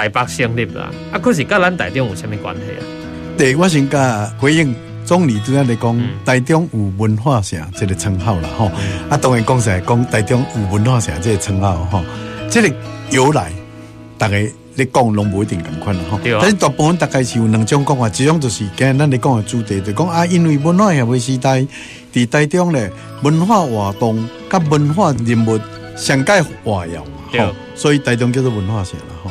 大百姓嚟啦，啊，可是跟咱台中有咩關係啊？對我先跟回應總理、嗯、剛才咧講，台中有文化城這個稱號啦，吼，啊，當然講實在講台中有文化城這個稱號，吼，即、這個由來，大家咧講攏唔一定共款，吼、啊。但係大部分大概是有兩種講法，一種就是跟咱咧講嘅主題就，就講啊，因為文化嘅時代，喺台中咧文化活動及文化人物上界活躍嘛對，所以台中叫做文化城啦，吼。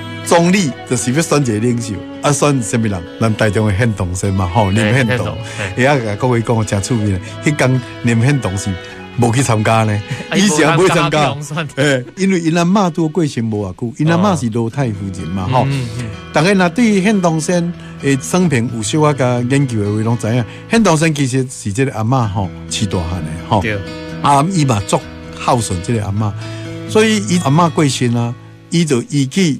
總理就是要選一個領袖，啊，選什麼人？人大眾的林獻堂嘛，吼，林獻堂會曉。也啊，各位講的真趣味嘞，迄天林獻堂，冇去參加嘞，以前冇參加。誒， 因為伊拉阿媽多過身冇偌久，伊拉阿媽是羅太夫人嘛，吼。當然啦，對於林獻堂，誒，生平有小我個研究的話攏知影，林獻堂，其實是這個阿嬤吼，飼大漢的，吼。對，阿嬤伊嘛足孝順這個阿嬤，所以伊阿嬤過身啦，伊就伊去。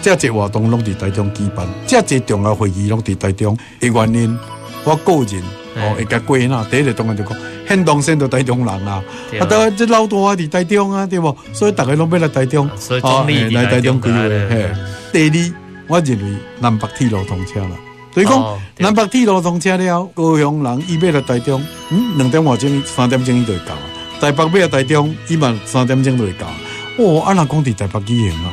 即係活動攞住台中舉辦，即係重要會議攞住台中的原因，我個人哦，一家歸納第一，當然是講獻堂先到台中人啦，啊，但係啲老大、啊、在哋台中啊，對唔，所以大家攞俾佢台中，啊，嚟台中開會，第二，我認為南北鐵路通車啦，所以講南北鐵路通車了，高雄人依俾佢台中，兩、嗯、點多鐘、三點鐘就到，台北俾佢台中，一萬三點鐘就到，哦、喔，安娜講啲台北幾遠啊？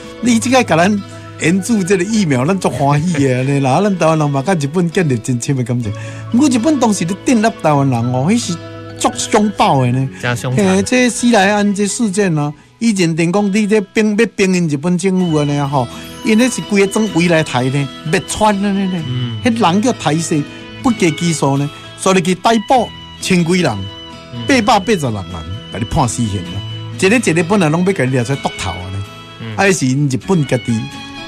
你即個甲咱援助這個疫苗我，咱足歡喜嘅安咱台灣人嘛，甲日本建立真深嘅感情。我日本當時咧鎮壓台灣人哦、嗯，伊是足凶暴嘅呢。真凶殘！誒，這個西來庵這事件呢、啊，以前定講你這兵變變因日本政府嘅呢吼，因那是規歸種未來台呢，要穿呢呢嗯。迄人叫台神，不計其數呢，所以去逮捕千幾人八百八十六人，把你判死刑。一日一日本來攏要給你掠出剁頭啊！還、啊、是日本家己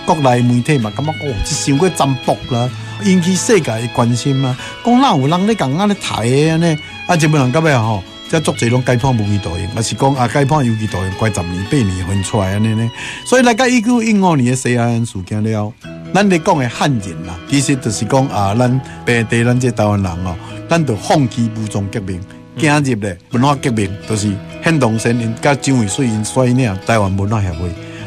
國內媒體嘛，感覺哦，一想過占卜啦，引起世界的關心啊，講哪有人咧講安咧睇啊咧，啊，日本人咁尾吼，即、哦、做這種改判無期徒刑，我是講啊，改判有期徒刑，怪十年八年翻出來安尼咧，所以來家一九一五年嘅西安事件了，咱嚟講嘅漢人啦，其實就是講啊，咱平地咱這台灣人哦，咱就放棄武裝革命，嗯、進入咧文化革命，就是獻堂先因，甲蔣渭水因率領，台灣文化協會。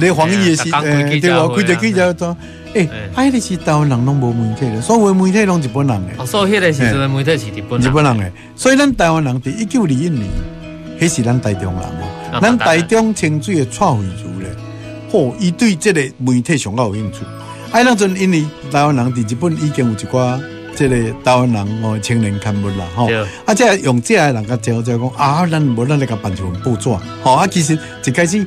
你反映嘅事，佢就記住咗。哎、啊，欸、台灣人都冇問題的，所有問題都係日、哦日、欸、日本人的。所以喺呢時段媒體日本，人所以，咱台灣人喺一九二一年，係是咱台中人。咱、嗯、台中清水嘅蔡惠珠咧，哦，伊對呢個媒體上夠有興趣。哎、嗯，嗱陣、啊，因為台灣人喺日本已經有一啲，即個台灣人哦，青年刊物啦，吼、哦對啊，啊，即係用即係人家招招講啊，咱冇得你個辦一份報紙。嚇、哦啊，其實一開始。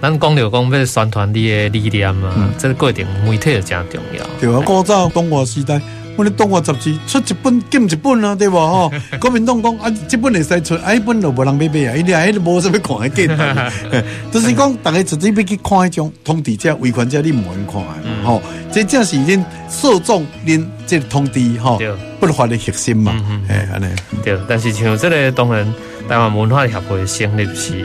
咱講着講，欲宣傳你嘅理念啊，嗯、這個過程媒體真重要，嗯對。對啊，古早中華時代，我哋中華雜誌出一本，禁一本吧 啊，對不？嗬，國民黨講啊，即本會使出，啊，迄本就無人買買啊，伊哋啊都冇啥物看嘅。簡單，就是講大家自己要去看一種，通知，者、圍觀者，你唔願看啊嘛，吼、嗯哦。真正是恁受眾恁即通知吼，哦、對 不發你核心嘛，哎、嗯嗯，安尼、嗯、對。但是像這個，當然台灣文化協會成立是。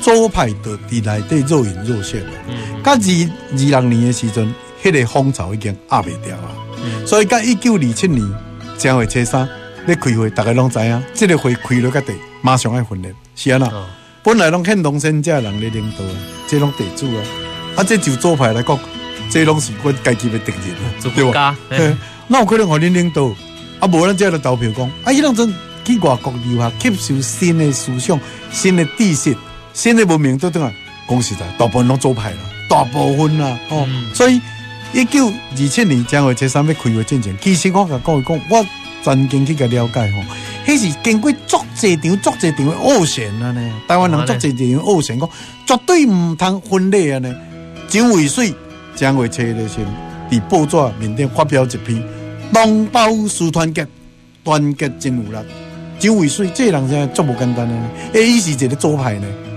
左派佇內底，若隱若現。嗯嗯嗯到二零二零年嘅時陣，迄、那個風潮已經壓袂牢啦。嗯嗯嗯所以到一九二七年正月初三，咧開會，大家攏知影，這個會開落去，馬上愛分裂，是按怎。哦、本來攏獻堂，只人咧領導，這攏地主啊。啊，這就左派來講，嗯嗯嗯這攏是阮家己嘅敵人，對伐？那有可能予恁領導啊，無咱只個投票講，啊，一兩陣去外國留學，吸收新嘅思想，新嘅知識。新的文明都得啊，講實在，大部分都做派啦，大部分啦，啊，哦，嗯、所以一九二七年正月初三開會進前，其實我甲各位講，我曾經去佢了解，吼、哦，迄是經過作者點，作者的斡旋啊呢，台灣人作者點斡旋，講絕對唔通分裂啊呢，蔣渭水正月初一的時陣，喺報紙面頂發表一篇，同胞須團結，團結真有力，蔣渭水，這人真係足唔簡單嘅，誒，佢是一個做派呢。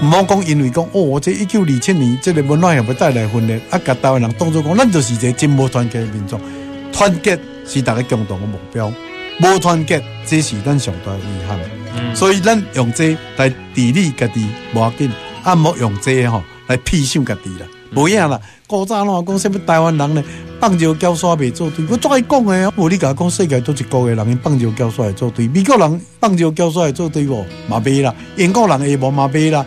唔好講，說因為講哦，即一九二七年，即、這個文協又要再來分裂。阿、啊、台灣人當作講，咱就是一個真冇團結的民族，團結是大家共同的目標，冇團結，這是咱上大的遺憾。嗯、所以，咱用這嚟治理家己冇要緊，阿冇、啊、用這嗬、哦、來庇護家己啦，冇嘢啦。古早佬講什麼台灣人放尿攪沙袂做堆，我做嚟講嘅啊，冇、哦、你家講世界都一個嘅，人哋尿攪沙做堆，美國人尿攪沙做堆喎，麻啦，英國人亦冇麻弊啦。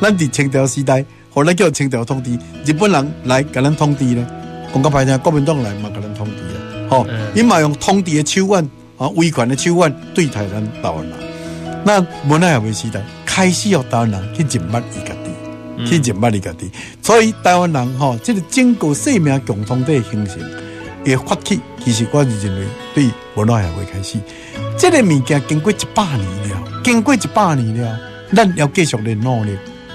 咱佇清朝時代，互咱叫清朝統治，日本人來甲咱統治咧，講較歹聽國民黨來，嘛甲咱統治啊！吼、嗯，伊嘛用統治嘅手腕，啊，威權嘅手腕對台灣人打壓。咱無奈也袂時代？開始互台灣人去認捌伊家己，嗯、去認捌伊家己。所以台灣人，吼，即、這個整個性命共同體嘅形成，誒發起，其實我是認為對無奈也會開始。即、這個物件經過一百年了，經過一百年了，咱要繼續咧努力。